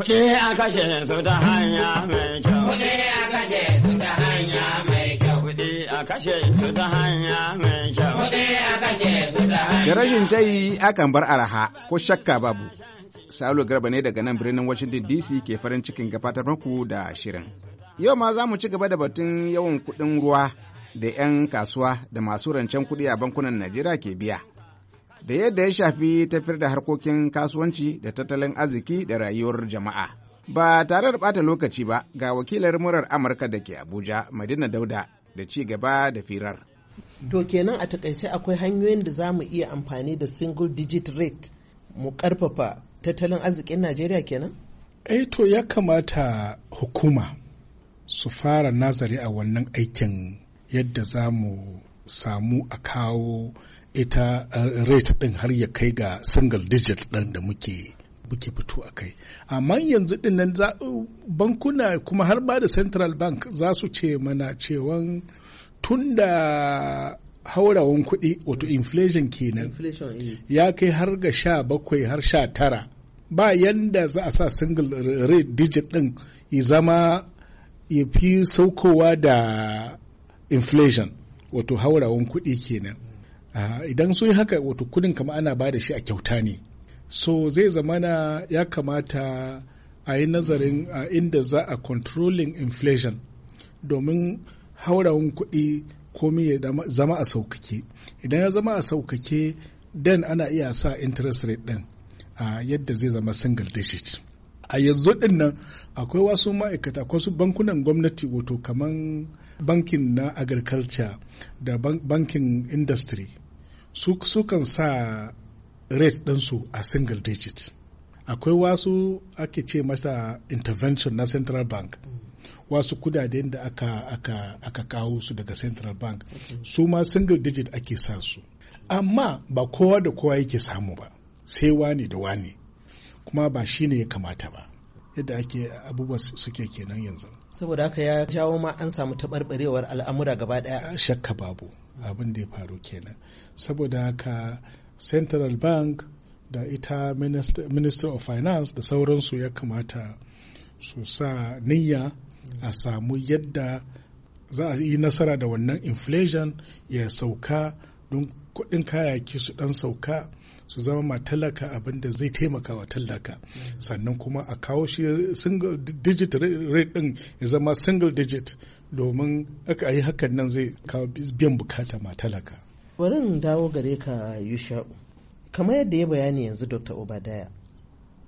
Kuɗi a kashe su ta hanya mai kyau. Kuɗi a kashe su ta hanya mai kyau. Kuɗi a kashe su ta hanya mai kyau. Kuɗi a kashe su ta hanya. Da rashin tayi akan bar araha ko shakka babu. Salo Garba ne daga nan birnin Washington DC ke farin cikin gabatar muku da shirin. Yau ma za mu ci gaba da batun yawan kuɗin ruwa da 'yan kasuwa da masu rancen kuɗi a bankunan Najeriya ke biya. da yadda ya shafi tafiyar da harkokin kasuwanci da tattalin arziki da rayuwar jama'a. Ba tare da ɓata lokaci ba ga wakilar murar Amurka da ke Abuja, Madina Dauda, da ci gaba da firar. To kenan a takaice akwai hanyoyin da za mu iya amfani da single digit rate mu ƙarfafa tattalin arzikin Najeriya kenan? Eh to ya kamata hukuma su fara nazari a wannan aikin yadda za mu samu a kawo ita uh, rate ɗin har ya kai ga single digit ɗin da muke muke fito a kai amma yanzu din nan uh, bankuna kuma har ba da central bank za su ce mana cewan tun da haurawan kuɗi wato inflation kenan eh. ya kai har ga sha bakwai har sha tara ba yanda za a sa single rate digit ɗin ya zama ya fi saukowa da inflation wato haurawan kuɗi kenan Ah, idan sun yi haka wato kudin kama ana ba da shi a kyauta ne so zai zamana ya kamata a yi nazarin a ah, inda za a controlling inflation domin haurawan kuɗi komi ya zama a saukake idan ya zama a saukake den ana iya sa interest rate ɗin a ah, yadda zai zama single digit a yanzu din nan akwai wasu ma'aikata akwai su bankunan gwamnati wato kaman bankin na agriculture da bankin industry su sukan sa rate ɗinsu a single digit akwai wasu ake ce masa intervention na central bank wasu kudaden da aka, aka, kawo su daga central bank okay. su ma single digit ake sa su amma ba kowa da kowa yake samu ba sai wani da wani kuma ba shi ne ya kamata ba yadda ake abubuwa suke kenan yanzu saboda haka ya jawo ma an samu taɓarɓarewar al'amura gaba ɗaya shakka babu abin da ya faru kenan saboda haka central bank da ita minister, of finance da sauransu ya kamata su sa niyya a samu yadda za a yi nasara da wannan inflation ya sauka don kudin kayayyaki su dan sauka su zama ma talaka abin da zai taimaka wa talaka sannan kuma a kawo shi single digit rate din ya zama single digit domin aka yi hakan nan zai kawo biyan bukata ma talaka bari dawo gare ka yusha'u kamar yadda ya bayani yanzu dr obadaya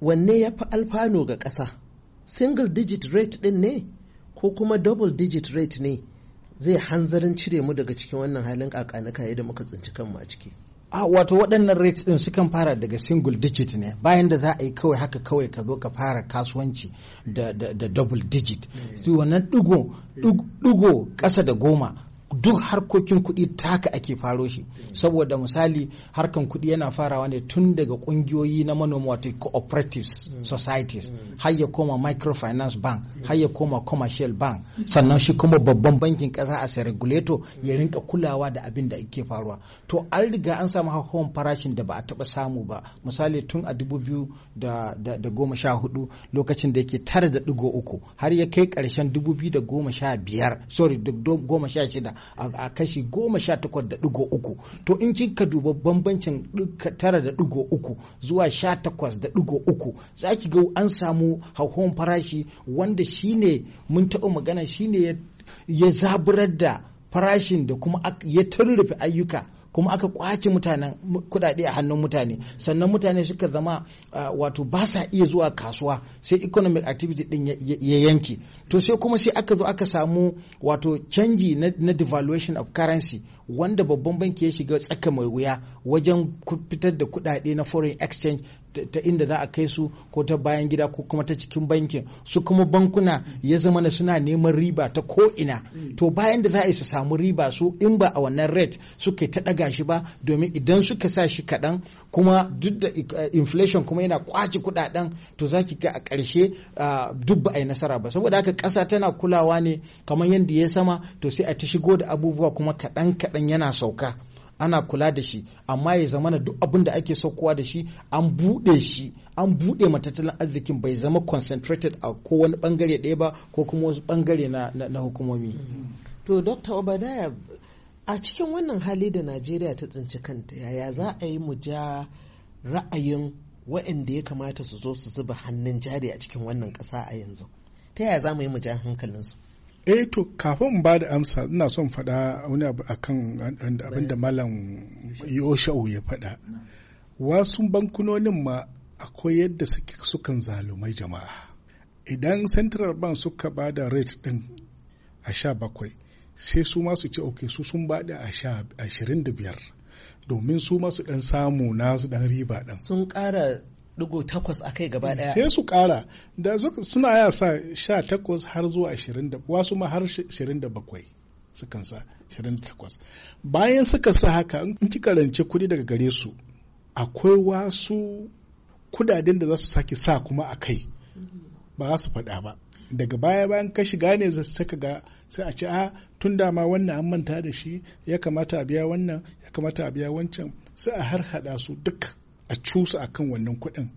wanne ya fi alfano ga ƙasa single digit rate din ne ko kuma double digit rate ne zai hanzarin cire mu daga cikin wannan halin kakanika da muka tsinci kanmu a ciki a ah, wato waɗannan rates ɗin sukan fara daga single digit ne bayan da za a yi kawai haka kawai ka zo ka fara kasuwanci da, double digit mm. su wannan ɗigo ƙasa da goma duk harkokin kuɗi taka ake faro shi saboda misali harkan kuɗi yana farawa ne tun daga ƙungiyoyi na manoma wato cooperative mm. societies mm. har ya koma microfinance bank har ya koma commercial bank sannan shi kuma babban bankin ƙasa a regulator mm. ya rinka kulawa da abin da ake faruwa to an riga an samu hawan farashin da ba a taɓa samu ba misali tun a dubu biyu da goma sha hudu lokacin da yake tara da digo uku har ya kai karshen dubu biyu da goma sha biyar sorry goma sha shida a kashi goma sha takwas da digo uku to in kin duba bambancin tara da digo uku zuwa sha takwas da digo uku za ki ga an samu hauhawar farashi wanda shine mun taɓa magana shine ya zaburar da farashin da kuma ya turrufe ayyuka kuma aka kwace mutanen kudade a hannun mutane sannan mutane suka zama wato ba sa iya zuwa kasuwa sai economic activity din ya yanke to sai kuma sai aka zo aka samu wato canji na devaluation of currency wanda babban banki ya shiga tsaka mai wuya wajen fitar da kuɗaɗe na foreign exchange ta inda za a kai su ko ta bayan gida ko kuma ta cikin bankin su kuma bankuna ya zama na suna neman riba ta ko ina mm. to bayan da za a yi su samu riba su in ba a wannan rate suka ta ɗaga shi ba domin idan suka sa shi kaɗan kuma duk da eh, inflation kuma yana kwaci kuɗaɗen to za ki ga a karshe ah, duk ba a yi nasara ba saboda haka ƙasa tana kulawa ne kamar yadda ya sama to sai a ta shigo da abubuwa kuma kaɗan kaɗan nan yana sauka ana kula da shi amma ya zama na duk abin da ake saukowa da shi an buɗe shi an buɗe matattalin arzikin bai zama concentrated a ko wani bangare ɗaya ba ko kuma wasu bangare na, na, hukumomi. Mm-hmm. To Dr. Obadaya a cikin wannan hali da Najeriya ta tsinci kanta yaya za a yi mu ja ra'ayin wa'anda ya kamata su zo su zuba hannun jari a cikin wannan ƙasa a yanzu ta yaya za mu yi mu ja hankalinsu. eh to kafin ba da amsa ina son faɗa wani abu akan abin da malam yosha'u ya faɗa wasu bankunonin ma akwai yadda sukan zalumai jama'a idan central bank suka ba da rate ɗin a sha bakwai sai su masu ce ok su sun ba da ashirin da biyar domin su masu ɗan samu nasu dan riba ɗin sun kara digo takwas a kai gaba daya sai su ƙara da suna ya sa sha takwas har zuwa ashirin da wasu ma har ashirin da bakwai sukan sa ashirin da takwas bayan suka sa haka in kika rance kuɗi daga gare su akwai wasu kudaden da za su sake sa kuma a kai ba za su faɗa ba daga baya bayan ka shiga ne za su ga sai a ce a ah, tun ma wannan an manta da shi ya kamata a biya wannan ya kamata a biya wancan sai a har hada su duk a cusa a kan wannan kuɗin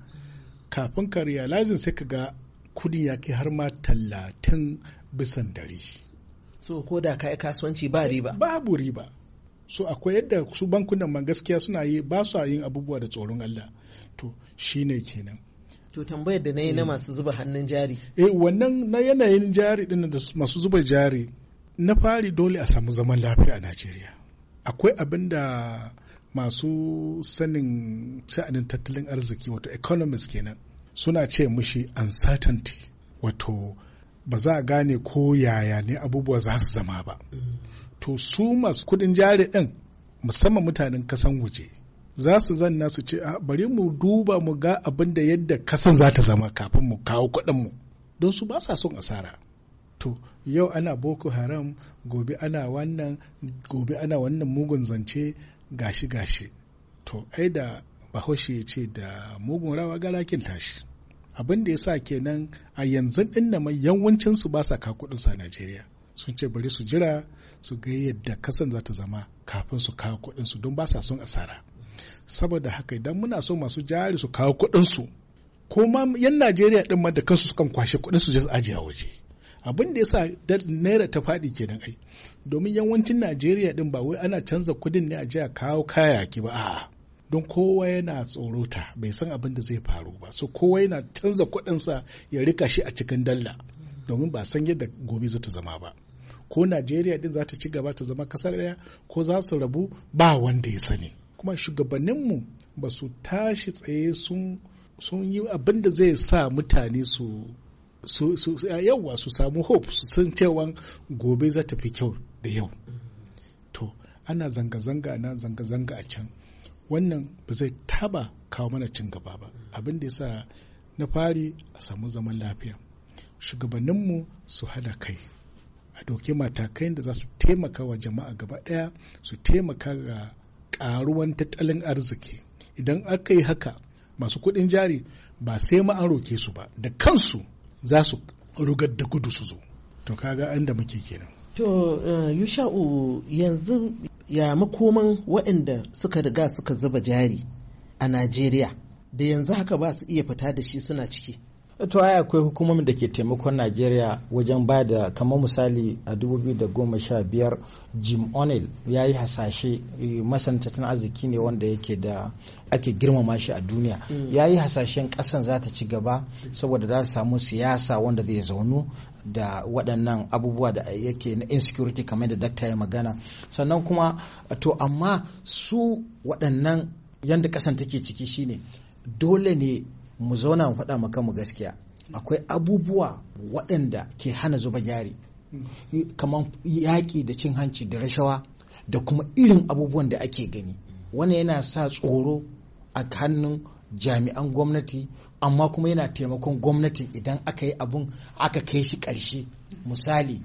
kafin ka realizing sai ka ga kudin ya kai har ma talatin bisan dari so ko da ka yi kasuwanci ba riba babu riba so akwai yadda su bankunan man gaskiya suna yi ba su yin abubuwa da tsoron Allah to shine kenan to tambayar da na yi na eh. masu zuba hannun jari eh wannan na yanayin jari din da masu zuba jari na fari dole a samu zaman lafiya a Najeriya akwai abin da masu sanin sha'anin tattalin arziki wato economist kenan suna ce mushi uncertainty wato ba za a gane ko yaya ne abubuwa za su zama ba to su masu kudin jari ɗin musamman mutanen kasan waje za su zanna su ce bari mu duba mu ga abin da yadda kasan za ta zama kafin mu kawo mu don su ba sa son asara to yau ana boko haram gobe ana wannan mugun zance gashi gashi to ai da bahaushe ya ce da mugun rawa garakin tashi abin da ya sa kenan a yanzu din na mai yawancinsu ba sa kakudinsu a najeriya sun ce bari su jira su ga yadda kasan za ta zama kafin su kawo su don ba sa son asara saboda haka idan muna so masu jari su kawo su ko ma yan najeriya din ma da kansu sukan kwashe su je su ajiye a waje abin da ya sa naira ta faɗi kenan ai domin yawancin najeriya din ba wai ana canza kudin ne a jiya kawo kayaki ba a'a don kowa yana tsorota bai san abin da zai faru ba so kowa yana canza kudinsa ya rika shi a cikin dalla domin ba san yadda gobe za ta zama ba ko najeriya din za ta ci gaba ta zama kasar ɗaya ko za su rabu ba wanda ya sani kuma shugabanninmu ba su tashi tsaye sun sun yi abin da zai sa mutane su su yauwa su samu hope su san cewa gobe za ta fi kyau da yau to ana zanga-zanga na zanga-zanga a can wannan ba zai taba kawo mana cin gaba ba abin da yasa na fari a samu zaman lafiya shugabanninmu su hada kai a doke matakai da za su taimaka wa jama'a gaba ɗaya su taimaka ga ƙaruwan tattalin arziki idan aka yi haka masu kuɗin jari ba sai ma an roke su ba da kansu za su rugar da gudu su zo to kaga inda muke kenan to eh, yusha'u yanzu ya makoman waɗanda suka riga suka zuba jari a najeriya da yanzu haka ba su iya fita da shi suna ciki to ai akwai hukumomin da ke taimakon najeriya wajen ba da kamar misali a 2015 jim o'neill ya yi hasashe eh, masan tattalin arziki ne wanda yake da ake girmama shi a duniya mm. ya yi hasashen kasan za ta ci gaba saboda za ta samu siyasa wanda zai zaunu da waɗannan abubuwa da yake na insecurity kamar da dakta ya magana sannan kuma to amma su waɗannan yadda kasan take ciki shine dole ne mu zauna mu faɗa maka mu gaskiya akwai abubuwa waɗanda ke hana zuba gyari kamar yaƙi da cin hanci da rashawa da kuma irin abubuwan da ake gani wannan yana sa tsoro a hannun jami'an gwamnati amma kuma yana taimakon gwamnatin idan aka yi abun aka kai shi ƙarshe misali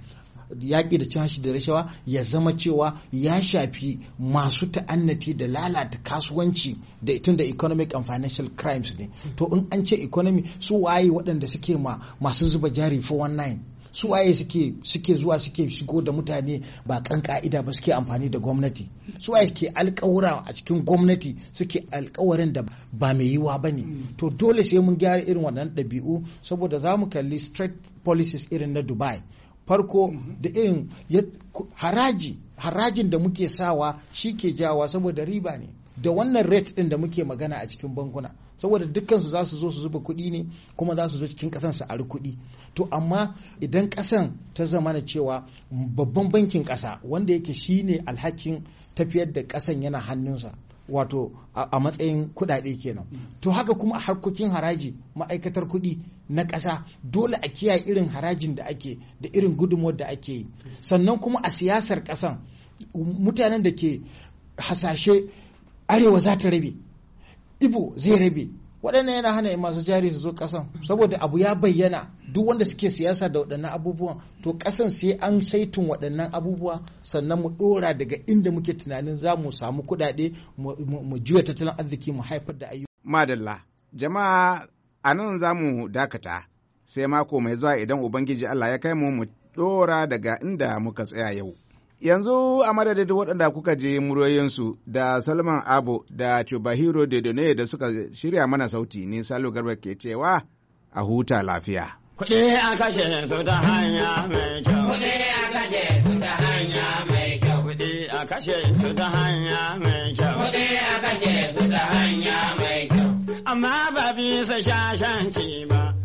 yaƙi da cin hashi da rashawa ya zama cewa ya shafi masu ta'annati da lalata kasuwanci da tun da economic and financial crimes ne to in an ce economy su waye waɗanda suke ma masu zuba jari 419 su waye suke suke zuwa suke shigo da mutane ba kan ka'ida ba suke amfani da gwamnati su waye suke alkawura a cikin gwamnati suke alkawarin da ba mai yiwa ba ne mm. to dole sai mun gyara irin waɗannan ɗabi'u saboda za mu kalli straight policies irin na dubai farko mhm. da irin haraji harajin da muke sawa shi ke jawa saboda riba ne da wannan rate din da muke magana a cikin bankuna saboda dukkansu za su zo su zuba kuɗi ne kuma za su zo cikin ƙasan su ari kuɗi to amma idan ƙasan ta zama na cewa babban bankin ƙasa wanda yake shine alhakin tafiyar da ƙasan yana hannunsa wato a matsayin kuɗaɗe kenan to haka kuma a harkokin haraji ma'aikatar kuɗi na ƙasa dole a kiyaye irin harajin da ake da irin gudunmuwar da ake yi sannan kuma a siyasar ƙasan mutanen da ke hasashe arewa za ta rabe ibo zai rabe waɗannan yana hana masu jari su zo ƙasan saboda abu ya bayyana duk wanda suke siyasa da waɗannan abubuwan to ƙasan sai an saitun waɗannan abubuwa sannan mu ɗora daga inda muke tunanin za mu samu kuɗaɗe mu juya tattalin arziki mu haifar da ayyuka. madalla jama'a a nan za mu dakata sai mako mai zuwa idan ubangiji allah ya kai mu mu ɗora daga inda muka tsaya yau. Yanzu a madadin waɗanda kuka je muryoyinsu da Salman Abu da Chubahiro Dedone da suka shirya mana sauti ni Salo Garba ke cewa a huta lafiya. Kuɗi a kashe su ta hanya mai kyau. Kuɗi a kashe su ta hanya mai kyau. Kuɗi a kashe su ta hanya mai kyau. Kuɗi a kashe su ta hanya mai kyau. Amma ba bisa shashanci ba.